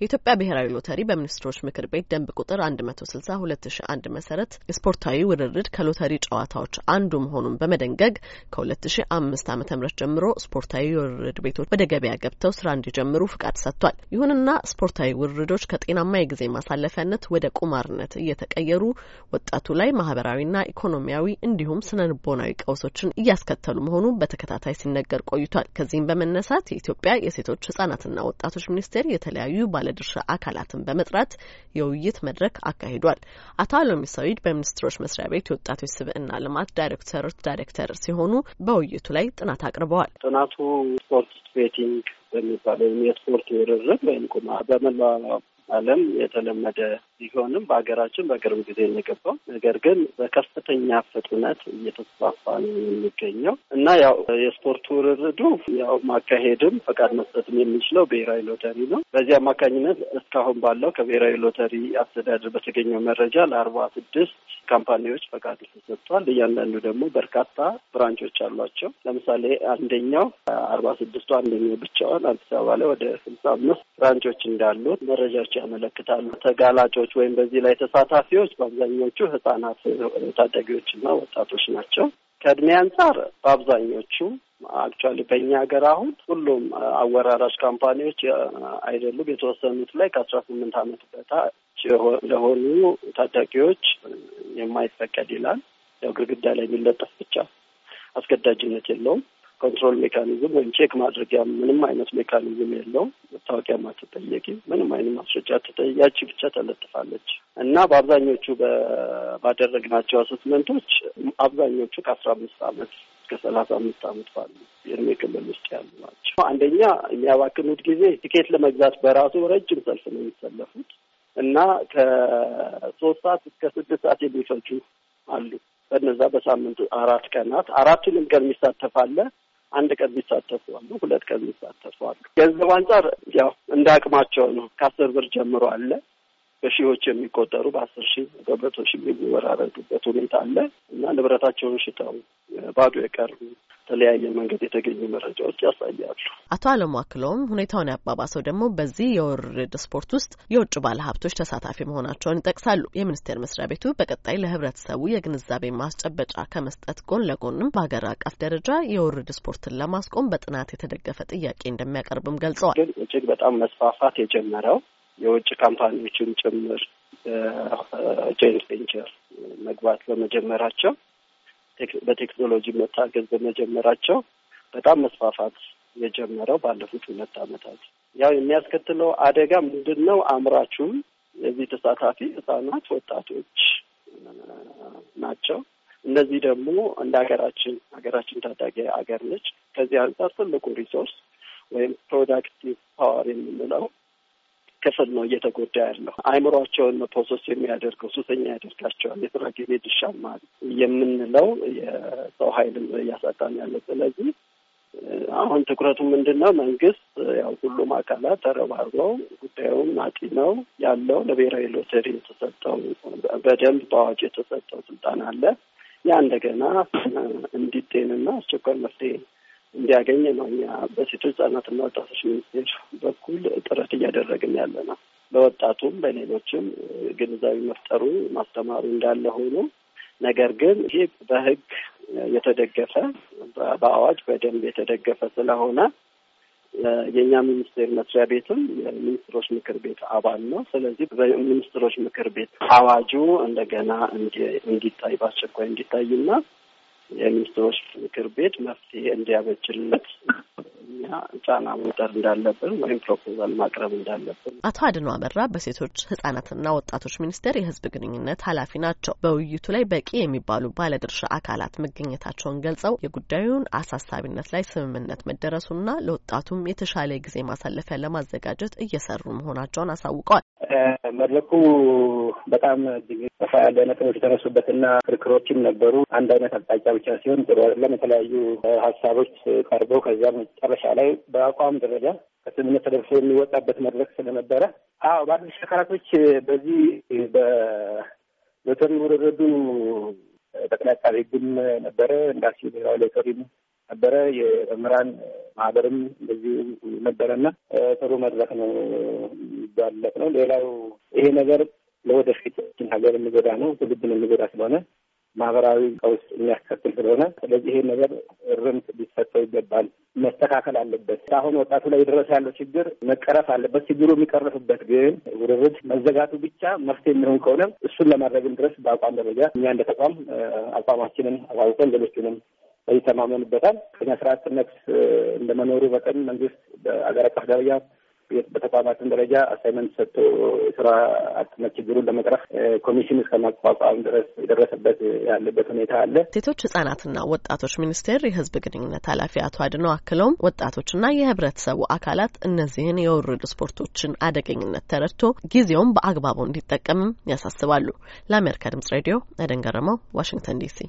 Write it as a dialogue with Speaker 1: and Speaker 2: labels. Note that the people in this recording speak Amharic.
Speaker 1: የኢትዮጵያ ብሔራዊ ሎተሪ በሚኒስትሮች ምክር ቤት ደንብ ቁጥር ሺ አንድ መሰረት የስፖርታዊ ውድድር ከሎተሪ ጨዋታዎች አንዱ መሆኑን በመደንገግ ከ አምስት ዓ ም ጀምሮ ስፖርታዊ ውርርድ ቤቶች ወደ ገበያ ገብተው ስራ እንዲጀምሩ ፍቃድ ሰጥቷል። ይሁንና ስፖርታዊ ውርርዶች ከጤናማ የጊዜ ማሳለፊያነት ወደ ቁማርነት እየተቀየሩ ወጣቱ ላይ ማህበራዊና ኢኮኖሚያዊ እንዲሁም ስነ ልቦናዊ ቀውሶችን እያስከተሉ መሆኑ በተከታታይ ሲነገር ቆይቷል። ከዚህም በመነሳት የኢትዮጵያ የሴቶች ህጻናትና ወጣቶች ሚኒስቴር የተለያዩ ባ ባለድርሻ አካላትን በመጥራት የውይይት መድረክ አካሂዷል። አቶ አለሚ ሰዊድ በሚኒስትሮች መስሪያ ቤት የወጣቶች ስብዕና ልማት ዳይሬክተር ዳይሬክተር ሲሆኑ በውይይቱ ላይ ጥናት አቅርበዋል።
Speaker 2: ጥናቱ ስፖርት ቤቲንግ በሚባለው የስፖርት ውድድር ወይም ቁማ በመላ ዓለም የተለመደ ቢሆንም በሀገራችን በቅርብ ጊዜ የገባው ነገር ግን በከፍተኛ ፍጥነት እየተስፋፋ ነው የሚገኘው እና ያው የስፖርት ውርርዱ ያው ማካሄድም ፈቃድ መስጠትም የሚችለው ብሔራዊ ሎተሪ ነው። በዚህ አማካኝነት እስካሁን ባለው ከብሔራዊ ሎተሪ አስተዳደር በተገኘው መረጃ ለአርባ ስድስት ካምፓኒዎች ፈቃድ ተሰጥቷል። እያንዳንዱ ደግሞ በርካታ ብራንቾች አሏቸው። ለምሳሌ አንደኛው አርባ ስድስቱ አንደኛው ብቻዋን አዲስ አበባ ላይ ወደ ስልሳ አምስት ብራንቾች እንዳሉ መረጃዎች ያመለክታሉ። ተጋላጮ ተሳታፊዎች ወይም በዚህ ላይ ተሳታፊዎች በአብዛኞቹ ህጻናት፣ ታዳጊዎችና ወጣቶች ናቸው። ከእድሜ አንጻር በአብዛኞቹ አክቹዋሊ በእኛ ሀገር አሁን ሁሉም አወራራሽ ካምፓኒዎች አይደሉም። የተወሰኑት ላይ ከአስራ ስምንት አመት በታች ለሆኑ ታዳጊዎች የማይፈቀድ ይላል። ያው ግድግዳ ላይ የሚለጠፍ ብቻ አስገዳጅነት የለውም። ኮንትሮል ሜካኒዝም ወይም ቼክ ማድረጊያ ምንም አይነት ሜካኒዝም የለውም። መታወቂያ አትጠየቂ፣ ምንም አይነት ማስረጃ ትጠያች ብቻ ተለጥፋለች እና በአብዛኞቹ ባደረግናቸው አሰስመንቶች አብዛኞቹ ከአስራ አምስት አመት እስከ ሰላሳ አምስት አመት ባሉ የእድሜ ክልል ውስጥ ያሉ ናቸው። አንደኛ የሚያባክኑት ጊዜ ቲኬት ለመግዛት በራሱ ረጅም ሰልፍ ነው የሚሰለፉት እና ከሶስት ሰዓት እስከ ስድስት ሰዓት የሚፈጁ አሉ። በነዛ በሳምንቱ አራት ቀናት አራቱንም ቀን የሚሳተፍ አለ። አንድ ቀን የሚሳተፉ አሉ። ሁለት ቀን የሚሳተፉ አሉ። ገንዘብ አንጻር ያው እንደ አቅማቸው ነው። ከአስር ብር ጀምሮ አለ። በሺዎች የሚቆጠሩ በአስር ሺ በመቶ ሺህ የሚወራረዱበት ሁኔታ አለ እና ንብረታቸውን ሽጠው ባዶ የቀሩ በተለያየ መንገድ የተገኙ መረጃዎች ያሳያሉ።
Speaker 1: አቶ አለሙ አክለውም ሁኔታውን ያባባሰው ደግሞ በዚህ የውርርድ ስፖርት ውስጥ የውጭ ባለሀብቶች ተሳታፊ መሆናቸውን ይጠቅሳሉ። የሚኒስቴር መስሪያ ቤቱ በቀጣይ ለህብረተሰቡ የግንዛቤ ማስጨበጫ ከመስጠት ጎን ለጎንም በሀገር አቀፍ ደረጃ የውርርድ ስፖርትን ለማስቆም በጥናት የተደገፈ ጥያቄ እንደሚያቀርብም ገልጸዋል።
Speaker 2: ግን እጅግ በጣም መስፋፋት የጀመረው የውጭ ካምፓኒዎችን ጭምር ጆይንት ቬንቸር መግባት በመጀመራቸው በቴክኖሎጂ መታገዝ በመጀመራቸው በጣም መስፋፋት የጀመረው ባለፉት ሁለት ዓመታት። ያው የሚያስከትለው አደጋ ምንድን ነው? አምራቹም የዚህ ተሳታፊ ህጻናት፣ ወጣቶች ናቸው። እነዚህ ደግሞ እንደ ሀገራችን ሀገራችን ታዳጊ ሀገር ነች። ከዚህ አንጻር ትልቁ ሪሶርስ ወይም ፕሮዳክቲቭ ፓወር የምንለው ክፍል ነው እየተጎዳ ያለው። አይምሯቸውን ፕሮሰስ የሚያደርገው ሱሰኛ ያደርጋቸዋል። የስራ ጊዜ ድሻማል የምንለው የሰው ኃይልም እያሳጣን ያለ ስለዚህ አሁን ትኩረቱ ምንድን ነው? መንግስት ያው ሁሉም አካላት ተረባርበው ጉዳዩም አጢ ነው ያለው። ለብሔራዊ ሎተሪ የተሰጠው በደንብ በአዋጅ የተሰጠው ስልጣን አለ ያ እንደገና እንዲጤንና አስቸኳይ መፍትሄ እንዲያገኝ ነው እኛ በሴቶች ህጻናትና ወጣቶች ሚኒስቴር በኩል ጥረት እያደረግን ያለ ነው። በወጣቱም በሌሎችም ግንዛቤ መፍጠሩ ማስተማሩ እንዳለ ሆኖ ነገር ግን ይሄ በህግ የተደገፈ በአዋጅ በደንብ የተደገፈ ስለሆነ የእኛ ሚኒስቴር መስሪያ ቤትም የሚኒስትሮች ምክር ቤት አባል ነው። ስለዚህ በሚኒስትሮች ምክር ቤት አዋጁ እንደገና እንዲታይ በአስቸኳይ እንዲታይና የሚኒስትሮች ምክር ቤት መፍትሄ እንዲያበጅለት እኛ ጫና መውጠር እንዳለብን ወይም ፕሮፖዛል ማቅረብ እንዳለብን።
Speaker 1: አቶ አድኖ አበራ በሴቶች ህጻናትና ወጣቶች ሚኒስቴር የህዝብ ግንኙነት ኃላፊ ናቸው። በውይይቱ ላይ በቂ የሚባሉ ባለድርሻ አካላት መገኘታቸውን ገልጸው የጉዳዩን አሳሳቢነት ላይ ስምምነት መደረሱና ለወጣቱም የተሻለ ጊዜ ማሳለፊያ ለማዘጋጀት እየሰሩ መሆናቸውን አሳውቀዋል።
Speaker 3: መድረኩ በጣም እጅግ ሰፋ ያለ ነጥቦች የተነሱበትና ክርክሮችም ነበሩ። አንድ አይነት አቅጣጫ ብቻ ሲሆን ጥሩ አይደለም። የተለያዩ ሀሳቦች ቀርበው ከዚያም መጨረሻ ላይ በአቋም ደረጃ ከስምምነት ተደርሶ የሚወጣበት መድረክ ስለነበረ፣ አዎ በአዲስ አካላቶች በዚህ በሎተሪ ውርርዱ ጠቅላይ አቃቤ ሕግም ነበረ እንዳሲ ብሔራዊ ሎተሪም ነበረ የመምህራን ማህበርም እንደዚህ ነበረ ነበረና ጥሩ መድረክ ነው ይባለት ነው። ሌላው ይሄ ነገር ለወደፊት ሀገር የሚጎዳ ነው፣ ትውልድን የሚጎዳ ስለሆነ ማህበራዊ ቀውስ የሚያስከትል ስለሆነ ስለዚህ ይሄ ነገር እርምት ሊሰጠው ይገባል መስተካከል አለበት። አሁን ወጣቱ ላይ የደረሰ ያለው ችግር መቀረፍ አለበት። ችግሩ የሚቀረፍበት ግን ውርርድ መዘጋቱ ብቻ መፍትሄ የሚሆን ከሆነ እሱን ለማድረግም ድረስ በአቋም ደረጃ እኛ እንደ ተቋም አቋማችንን አዋውቀን ሌሎችንም ይተማመንበታል። ከኛ ስርዓት እንደመኖሩ በቀን መንግስት በአገር አቀፍ ደረጃ በተቋማትን ደረጃ አሳይመንት ሰጥቶ የስራ አጥነት ችግሩን ለመቅረፍ ኮሚሽን እስከ ማቋቋም ድረስ የደረሰበት ያለበት ሁኔታ
Speaker 1: አለ። ሴቶች ህጻናትና ወጣቶች ሚኒስቴር የህዝብ ግንኙነት ኃላፊ አቶ አድነው አክለውም ወጣቶችና የህብረተሰቡ አካላት እነዚህን የወረዱ ስፖርቶችን አደገኝነት ተረድቶ ጊዜውም በአግባቡ እንዲጠቀምም ያሳስባሉ። ለአሜሪካ ድምጽ ሬዲዮ አደን ገረመው፣ ዋሽንግተን ዲሲ